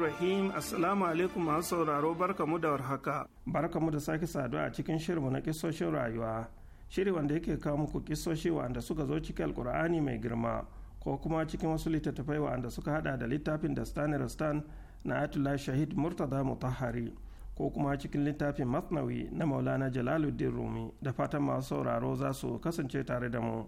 Rahim Assalamu alaikum masu sauraro barkamu da warhaka barkamu da sake saduwa a cikin shirmu na kisoshin rayuwa shiri wanda yake kawo muku kisoshi wanda suka zo cikin alkur'ani mai girma ko kuma cikin wasu littattafai wanda suka hada da littafin da stan stan na atula shahid murtada mutahari ko kuma cikin littafin masnawi na maulana jalaluddin rumi da fatan masu sauraro za su kasance tare da mu.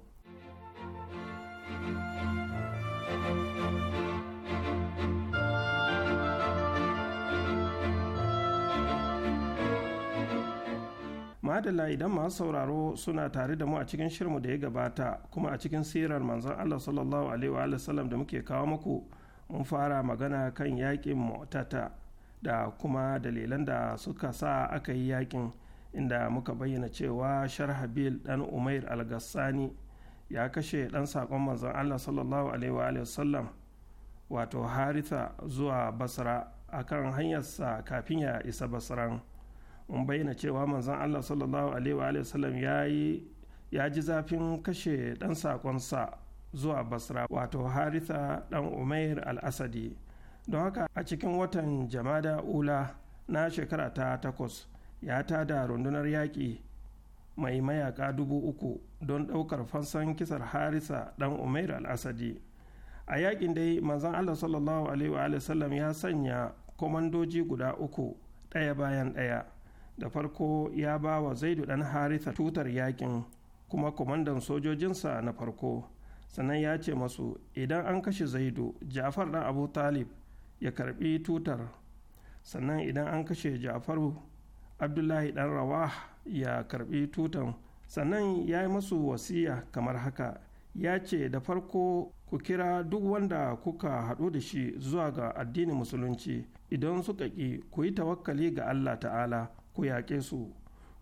madala idan masu sauraro suna tare da mu a cikin shirmu da ya gabata kuma a cikin sirar manzon Allah sallallahu alaihi wa sallam da muke kawo muku mun fara magana kan yakin motata da kuma dalilan da suka sa aka yi yakin inda muka bayyana cewa sharhabil dan umair al-gassani ya kashe dan sakon manzon Allah sallallahu alaihi wa sallam wato haritha zuwa basra akan hanyarsa kafin ya isa basran mun bayyana cewa manzon allah sallallahu alaihi wa sallam ya ji zafin kashe ɗan sakonsa zuwa basra wato haritha dan umair al-asadi don haka a cikin watan jamada ula na shekara ta takwas ya tada rundunar yaƙi mai mayaka dubu uku don ɗaukar fansan kisar harisa dan umair al-asadi a yaƙin dai manzon allah sallallahu alaihi wa sallam ya sanya komandoji guda uku ɗaya bayan ɗaya da farko ya ba wa zaidu dan haritha tutar yakin kuma kwamandan sojojinsa na farko sannan ya ce masu idan an kashe zaidu ja'far dan abu talib ya karbi tutar sannan idan an kashe ja'faru abdullahi dan rawa ya karbi tutan sannan ya yi masu wasiya kamar haka ya ce da farko ku kira duk wanda kuka haɗu da shi zuwa ga addinin musulunci idan suka ƙi ku yi tawakkali ga allah ta'ala ku yaƙe su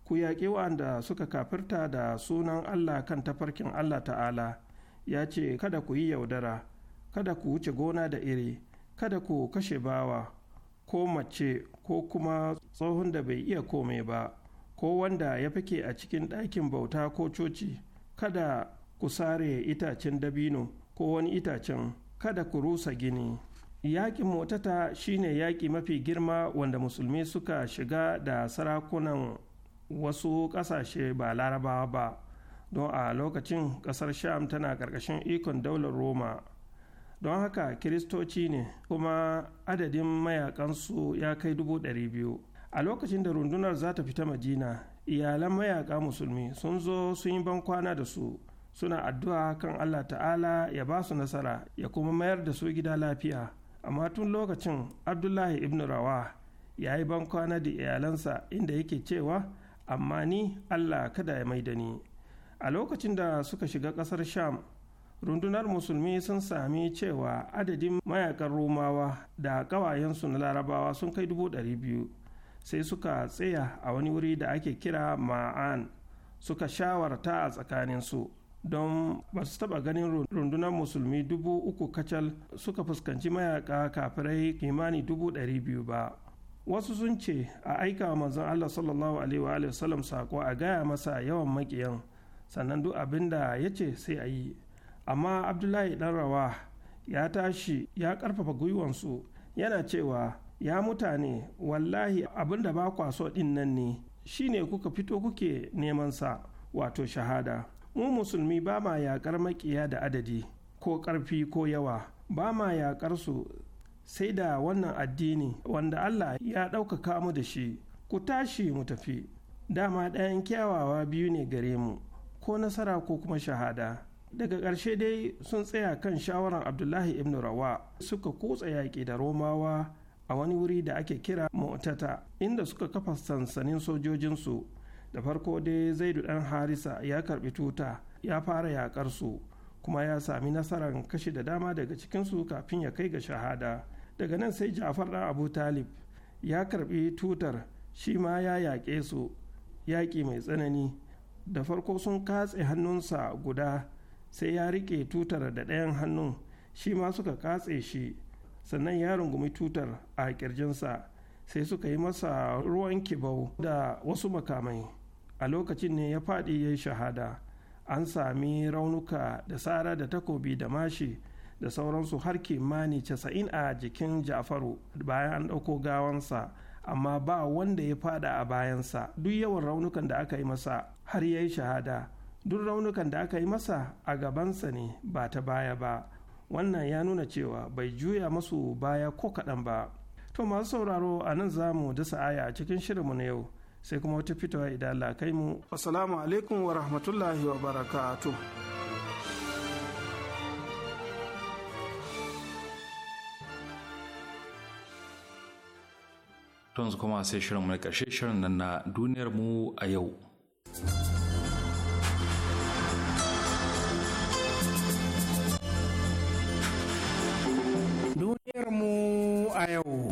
ku yaƙe wa'anda suka kafirta da sunan Allah kan tafarkin Allah ta'ala ya ce kada ku yi yaudara kada ku wuce gona da iri kada ku kashe bawa ko mace ko kuma tsohon da bai iya kome ba ko wanda ya fike a cikin ɗakin bauta ko coci kada ku sare itacen dabino ko wani itacen kada ku rusa gini. yaƙin motata shine yaƙi mafi girma wanda musulmi suka shiga da sarakunan wasu ƙasashe ba larabawa ba don a lokacin ƙasar sham tana ƙarƙashin ikon daular roma don haka kiristoci ne kuma adadin mayakansu ya kai dubu ɗari biyu a lokacin da rundunar za ta fita majina iyalan mayaka musulmi sun zo sun yi bankwana da su suna addu'a kan allah ta'ala ya ba su nasara ya kuma mayar da su gida lafiya amma tun lokacin abdullahi ibn rawa ya yi kwana da iyalansa inda yake cewa amma ni allah kada ya mai da ni a lokacin da suka shiga ƙasar sham rundunar musulmi sun sami cewa adadin mayakan romawa da ƙawayensu na larabawa sun kai dubu ɗari biyu sai suka tsaya a wani wuri da ake kira ma'an suka shawarta a tsakaninsu don ba su taba ganin rundunar musulmi dubu uku kacal suka fuskanci mayaka kafirai kimani dubu ɗari biyu ba wasu sun ce a aika wa manzon allah sallallahu alaihi wa sallam sako a gaya masa yawan makiyan sannan duk abin da ya ce sai a yi amma abdullahi dan rawa ya tashi ya karfafa gwiwansu yana cewa ya mutane wallahi abin da ba kwaso din nan ne shine kuka fito kuke neman sa wato shahada mu musulmi ba ma yaƙar maƙiya da adadi ko ƙarfi ko yawa ba ma yakar su sai da wannan addini wanda Allah ya ɗaukaka mu da shi ku tashi mu tafi dama ɗayan kyawawa biyu ne gare mu ko nasara ko kuma shahada daga ƙarshe dai sun tsaya kan shawarar abdullahi ibn rawa suka kutsa yaƙi da romawa a wani wuri da ake kira motata inda suka kafa sansanin sojojinsu da farko dai zaidu dan harisa ya karbi tuta ya fara yakar su kuma ya sami nasarar kashe da dama daga cikinsu kafin ya kai ga shahada daga nan sai jafar dan abu talib ya karbi tutar shi ma ya yaƙe su yaƙi mai tsanani da farko sun katse hannunsa guda sai ya riƙe tutar da ɗayan hannun shi ma suka katse shi sannan ya rungumi tutar a ƙirjinsa sai suka yi masa ruwan kibau da wasu makamai a lokacin ne ya faɗi ya yi shahada an sami raunuka da tsara da takobi da mashi da sauransu har kimani casa'in a jikin jafaru bayan an ɗauko gawansa amma ba wanda ya fada a bayansa duk yawan raunukan da aka yi masa har ya yi shahada duk raunukan da aka yi masa a gabansa ne ba ta baya ba wannan ya nuna cewa bai juya masu baya ko kaɗan ba to masu sauraro a nan za mu dasa aya a cikin shirinmu na yau sai kuma wata fitowa idan Allah kai mu assalamu alaikum wa rahmatullahi wa barakatuh su kuma sai shirin mai ƙarshe shirin nan na duniyar mu a yau. Duniyar mu a yau.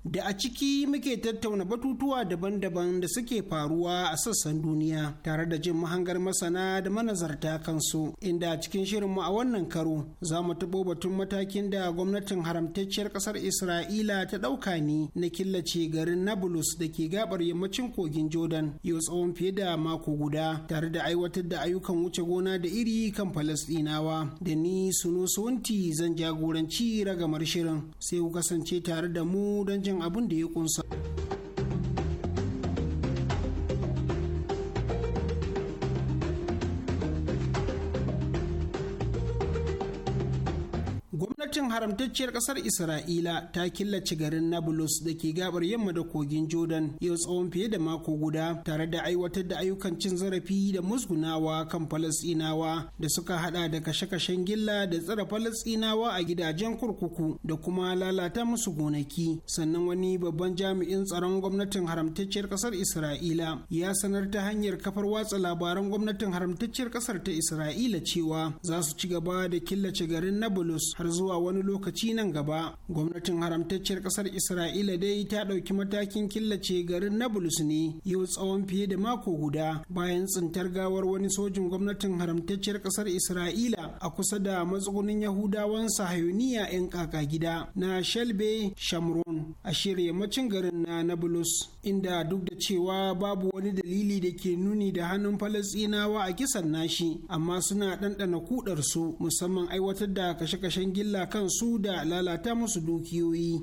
da a ciki muke tattauna batutuwa daban-daban da suke faruwa a sassan duniya tare da jin mahangar masana da manazarta kansu inda a cikin shirinmu a wannan karo za mu taɓo batun matakin da gwamnatin haramtacciyar ƙasar isra'ila ta ɗauka ne na killace garin nablus da ke gabar yammacin kogin jordan yau tsawon fiye da mako guda tare da aiwatar da ayyukan wuce gona da iri kan falasɗinawa da ni sunu suwanti zan jagoranci ragamar shirin sai ku kasance tare da mu don jin abin da ya kunsa. gwamnatin haramtacciyar kasar isra'ila ta killace garin nablus da ke gabar yamma da kogin jordan yau tsawon fiye da mako guda tare da aiwatar da ayyukan cin zarafi da musgunawa kan falasinawa da suka hada da kashe-kashen gilla da tsare falasinawa a gidajen kurkuku da kuma lalata musu gonaki sannan wani babban jami'in tsaron gwamnatin haramtacciyar kasar isra'ila ya sanar ta hanyar kafar watsa labaran gwamnatin haramtacciyar kasar ta isra'ila cewa za su ci gaba da killace garin nablus har zuwa wani lokaci nan gaba gwamnatin haramtacciyar kasar isra'ila dai ta ɗauki matakin killace garin nablus ne yau tsawon fiye da mako guda bayan tsintar gawar wani sojin gwamnatin haramtacciyar kasar isra'ila a kusa da matsugunin yahudawan sahayoniya 'yan kaka gida na shelbe shamron a yammacin garin na nablus inda duk da cewa babu wani dalili da ke nuni da hannun falasinawa a kisan nashi amma suna ɗanɗana kudarsu musamman aiwatar da kashe-kashen gilla kan su da lalata musu dukiyoyi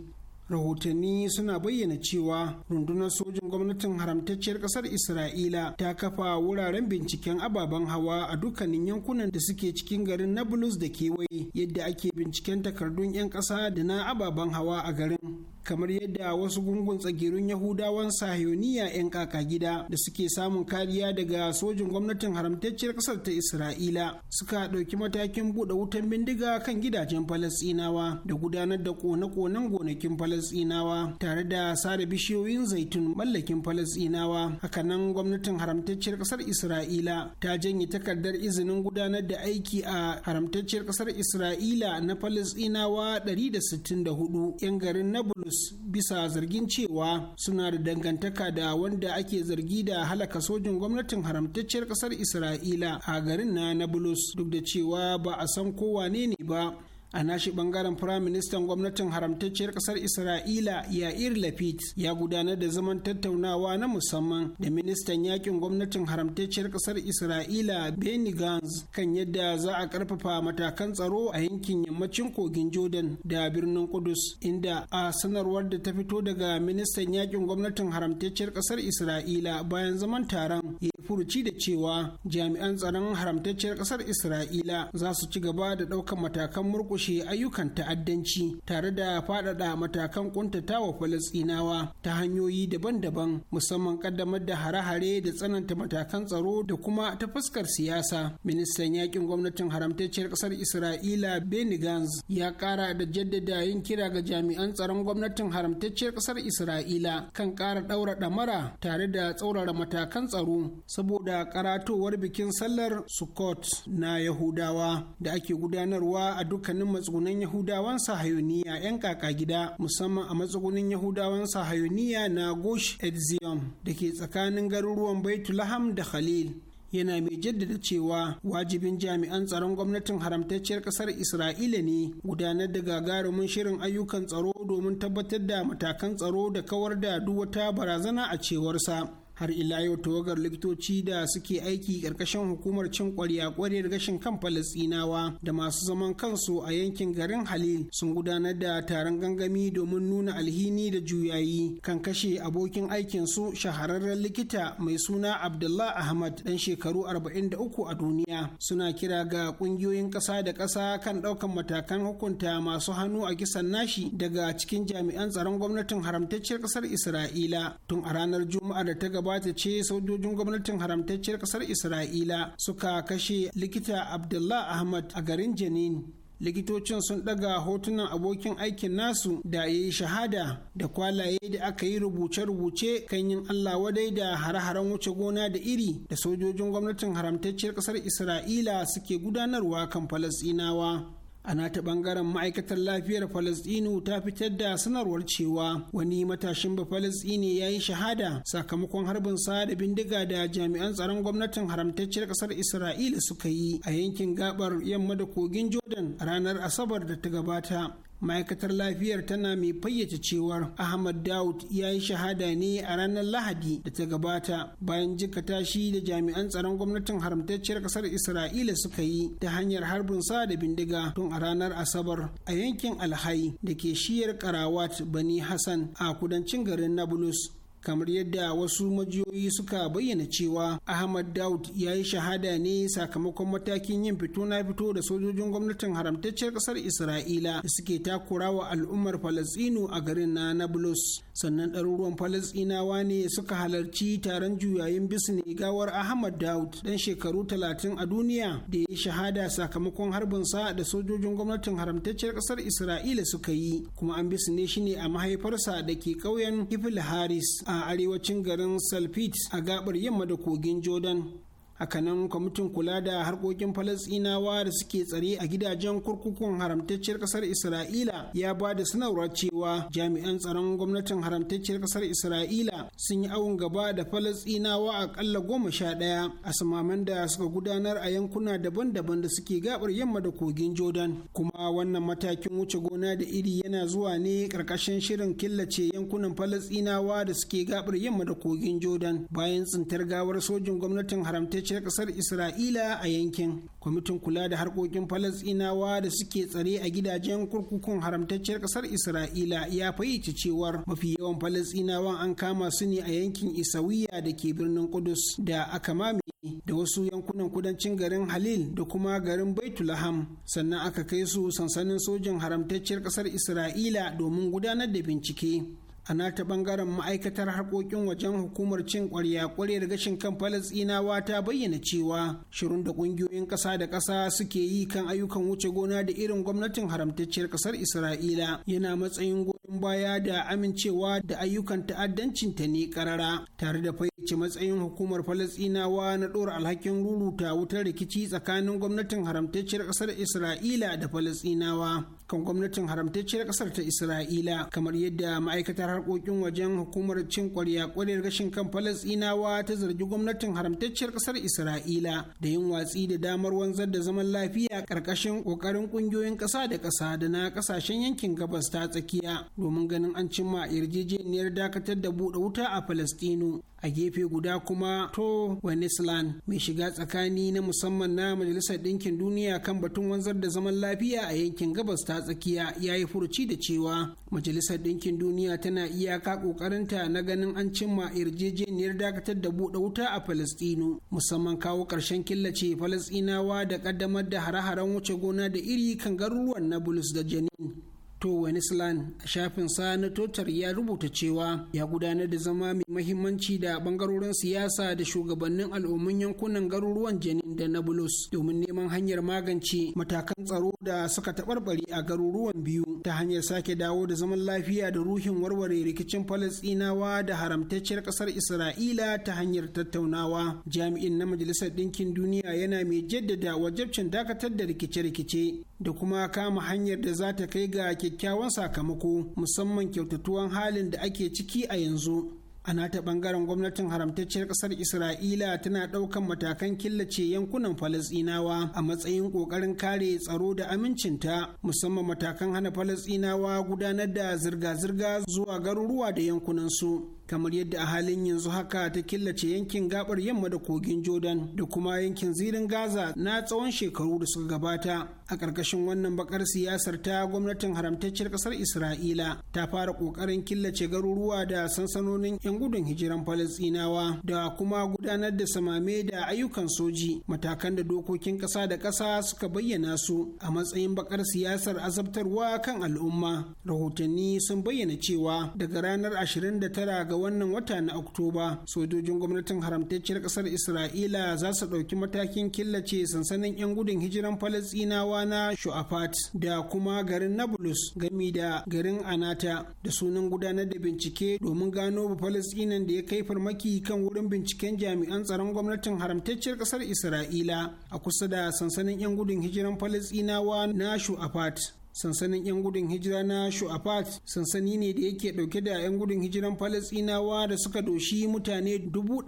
rahotanni suna bayyana cewa rundunar sojin gwamnatin haramtacciyar kasar isra'ila ta kafa wuraren binciken ababen hawa a dukkanin yankunan da suke cikin garin nablus da kewaye yadda ake binciken takardun 'yan ƙasa da na ababen hawa a garin kamar yadda wasu gungun tsagirin yahudawan sahiyoniya 'yan kaka gida da suke samun kariya daga sojin gwamnatin haramtacciyar ƙasar ta isra'ila suka ɗauki matakin buɗe wutan bindiga kan gidajen falasɗinawa da gudanar da kone-konen gonakin falasɗinawa tare da sada bishiyoyin zaitun mallakin falasɗinawa hakanan gwamnatin haramtacciyar ƙasar isra'ila ta janye takardar izinin gudanar da aiki a haramtacciyar ƙasar isra'ila na falasɗinawa 164 'yan garin nablus Jamus bisa zargin cewa suna da dangantaka da wanda ake zargi da halaka sojin gwamnatin haramtacciyar kasar Isra'ila a garin na Nablus duk da cewa ba a san kowane ne ba. a nashi bangaren firaministan gwamnatin haramtacciyar kasar isra'ila yair lapid ya gudanar da zaman tattaunawa na musamman da ministan yakin gwamnatin haramtacciyar kasar isra'ila benny gantz kan yadda za a karfafa matakan tsaro a yankin yammacin kogin jordan da birnin kudus inda a sanarwar da ta fito daga ministan yakin gwamnatin haramtacciyar kasar isra'ila bayan zaman taron ya furuci da cewa jami'an tsaron haramtacciyar kasar isra'ila za su ci gaba da ɗaukar matakan murku toshe ayyukan ta'addanci tare da faɗaɗa matakan ƙuntatawa Falasɗinawa ta hanyoyi daban-daban musamman ƙaddamar da hare-hare da tsananta matakan tsaro da kuma ta fuskar siyasa. Ministan yakin gwamnatin haramtacciyar kasar Isra'ila Benny gans ya ƙara da jaddada yin kira ga jami'an tsaron gwamnatin haramtacciyar ƙasar Isra'ila kan ƙara ɗaura ɗamara tare da tsaurara matakan tsaro saboda karatowar bikin sallar Sukkot na Yahudawa da ake gudanarwa a dukkanin matsugunan yahudawan sahayoniya 'yan kaka gida musamman a matsugunan yahudawan sahayoniya na gosh Edzion da ke tsakanin garuruwan baitulaham da khalil yana mai jaddada cewa wajibin jami'an tsaron gwamnatin haramtacciyar kasar isra'ila ne gudanar da gagarumin shirin ayyukan tsaro domin tabbatar da matakan tsaro da kawar da duk wata barazana a cewarsa har ila yau tawagar likitoci da suke aiki ƙarƙashin hukumar cin ƙwarya ƙwarya gashin kan falasɗinawa da masu zaman kansu a yankin garin halil sun gudanar da taron gangami domin nuna alhini da juyayi kan kashe abokin aikin su shahararren likita mai suna abdullah ahmad dan shekaru 43 a duniya suna kira ga ƙungiyoyin ƙasa da ƙasa kan ɗaukan matakan hukunta masu hannu a kisan nashi daga cikin jami'an tsaron gwamnatin haramtacciyar ƙasar isra'ila tun a ranar juma'a da ta gaba wata ce sojojin gwamnatin haramtacciyar kasar isra'ila suka kashe likita abdullah ahmad a garin janin likitocin sun ɗaga hotunan abokin aikin nasu da ya yi shahada da kwalaye da aka yi rubuce-rubuce kan yin Allah wadai da hare-haren wuce gona da iri da sojojin gwamnatin haramtacciyar kasar Isra'ila suke gudanarwa kan Falasɗinawa. ana ta bangaren ma'aikatar lafiyar Falasɗinu ta fitar da sanarwar cewa wani matashin ba falasdini ya yi shahada sakamakon harbin sa da bindiga da jami'an tsaron gwamnatin haramtacciyar kasar isra'ila suka yi a yankin gabar yamma da kogin jordan ranar asabar da ta gabata ma'aikatar lafiyar tana mai fayyace cewar ahmad daud ya yi shahada ne a ranar lahadi da ta gabata bayan jikata shi da jami'an tsaron gwamnatin haramtacciyar kasar isra'ila suka yi ta hanyar harbin sa da bindiga tun a ranar asabar a yankin alhai da ke shiyar karawat bani hassan a kudancin garin nablus kamar yadda wasu majiyoyi suka bayyana cewa ahmad daud ya yi shahada ne sakamakon matakin yin fito na fito da sojojin gwamnatin haramtacciyar kasar isra'ila da suke takura wa al'ummar falastinu a garin na nablus sannan ɗaruruwan falastinawa ne suka halarci taron juyayin bisne gawar ahmad daud dan shekaru talatin a duniya da ya yi shahada sakamakon harbin sa da sojojin gwamnatin haramtacciyar kasar isra'ila suka yi kuma an bisne shi ne a mahaifarsa da ke ƙauyen kifil haris a arewacin garin salfit a gabar yamma da kogin jordan hakanan kwamitin kula da harkokin falasinawa da suke tsare a gidajen kurkukun haramtacciyar kasar isra'ila ya ba da sanarwa cewa jami'an tsaron gwamnatin haramtacciyar kasar isra'ila sun yi awon gaba da falasinawa akalla goma sha ɗaya a samaman da suka gudanar a yankuna daban-daban da suke gabar yamma da kogin jordan kuma wannan matakin wuce gona da iri yana zuwa ne karkashin shirin killace yankunan falasinawa da suke gabar yamma da kogin jordan bayan tsintar gawar sojin gwamnatin haramtacciyar haramtacciyar kasar isra'ila a yankin kwamitin kula da harkokin falasinawa da suke tsare a gidajen kurkukun haramtacciyar kasar isra'ila ya fayyace cewar mafi yawan falasɗinawan an kama su ne a yankin isawiya da ke birnin kudus da aka mame da wasu yankunan kudancin garin halil da kuma garin baitulaham sannan aka kai su sansanin sojin haramtacciyar kasar isra'ila domin gudanar da bincike a nata bangaren ma'aikatar harkokin wajen hukumar cin kwarya kwaryar gashin kan falasinawa ta bayyana cewa shirin da ƙungiyoyin ƙasa da ƙasa suke yi kan ayyukan wuce gona da irin gwamnatin haramtacciyar ƙasar isra'ila yana matsayin goyon baya da amincewa da ayyukan ta'addancin ta ne karara tare da fayyace matsayin hukumar falasinawa na ɗora alhakin ruruta wutar rikici tsakanin gwamnatin haramtacciyar ƙasar isra'ila da falasinawa kan gwamnatin haramtacciyar kasar ta isra'ila kamar yadda ma'aikatar harkokin wajen hukumar cin kwarya kwarar gashin kan falasinawa ta zargi gwamnatin haramtacciyar kasar isra'ila da yin watsi da damar wanzar da zaman lafiya karkashin kokarin kungiyoyin kasa da kasa da na kasashen yankin gabas ta tsakiya domin ganin an cimma yarjejeniyar dakatar da buɗe wuta a falastinu a gefe guda kuma to Wenisland mai shiga tsakani na musamman na Majalisar Ɗinkin Duniya kan batun wanzar da zaman lafiya a yankin gabas ta tsakiya ya yi furuci da cewa Majalisar Ɗinkin Duniya tana iyaka ƙoƙarinta na ganin an cimma yarjejeniyar dakatar da buɗe wuta a Falastinu musamman kawo ƙarshen killace Falastinawa da ƙaddamar da hare-haren wuce gona da iri kan garuruwan Nablus da Janin. to Wenisland a shafinsa na totar ya rubuta cewa ya gudanar da zama mai mahimmanci da bangarorin siyasa da shugabannin al'ummin yankunan garuruwan Jenin da na Nablus domin neman hanyar magance matakan tsaro da suka taɓarɓare a garuruwan biyu ta hanyar sake dawo da zaman lafiya da ruhin warware rikicin Falasɗinawa da haramtacciyar ƙasar Isra'ila ta hanyar tattaunawa. Jami'in na Majalisar Ɗinkin Duniya yana mai jaddada wajabcin dakatar da rikice-rikice da kuma kama hanyar da za ta kai ga kyakkyawan sakamako musamman kyautatuwan halin da ake ciki a yanzu a nata bangaren gwamnatin haramtacciyar kasar isra'ila tana ɗaukan matakan killace yankunan falasɗinawa a matsayin ƙoƙarin kare tsaro da amincinta musamman matakan hana falasɗinawa gudanar da zirga-zirga zuwa garuruwa da yankunansu kamar yadda a halin yanzu haka ta killace yankin gabar yamma da kogin jordan da kuma yankin zirin gaza na tsawon shekaru da suka gabata a ƙarƙashin wannan bakar siyasar ta gwamnatin haramtacciyar ƙasar isra'ila ta fara ƙoƙarin killace garuruwa da sansanonin 'yan gudun hijiran falasɗinawa da kuma gudanar da samame da ayyukan soji matakan da dokokin ƙasa da ƙasa suka bayyana su a matsayin bakar siyasar azabtarwa kan al'umma rahotanni sun bayyana cewa daga ranar 29 ga wannan wata na oktoba sojojin gwamnatin haramtacciyar ƙasar isra'ila za su ɗauki matakin killace sansanin 'yan gudun hijiran falasɗinawa Yahudawa na Shu'afat da kuma garin Nablus gami da garin Anata da sunan gudanar da bincike domin gano Falasɗinan da ya kai farmaki kan wurin binciken jami'an tsaron gwamnatin haramtacciyar ƙasar Isra'ila a kusa da sansanin 'yan gudun hijiran Falasɗinawa na Shu'afat. sansanin 'yan gudun hijira na shu'afat sansani ne da yake dauke da 'yan gudun hijiran falasinawa da suka doshi mutane dubu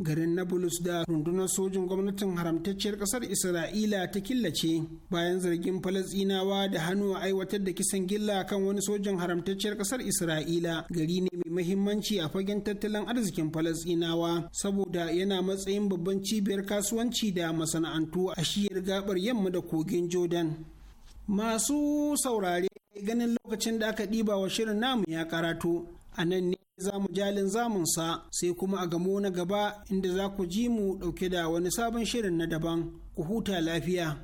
garin Nablus da rundunar sojin gwamnatin haramtacciyar kasar Isra'ila ta killace bayan zargin Falasɗinawa da hannu a aiwatar da kisan gilla kan wani sojin haramtacciyar kasar Isra'ila gari ne mai mahimmanci a fagen tattalin arzikin Falasɗinawa saboda yana matsayin babban cibiyar kasuwanci da masana'antu a shiyar gabar yamma da kogin Jordan. Masu saurare ganin lokacin da aka ɗiba wa shirin namu ya karatu a nan ne za mu jalin zamunsa sai kuma a gamo na gaba inda za ku ji mu ɗauke da wani sabon shirin na daban ku huta lafiya.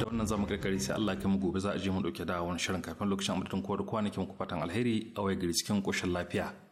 da wannan zamu karkare sai Allah kai mu gobe za a je mu ɗauke da wani shirin kafin lokacin amurtun kowar kwanakin ku fatan alheri a waya gari cikin koshin lafiya.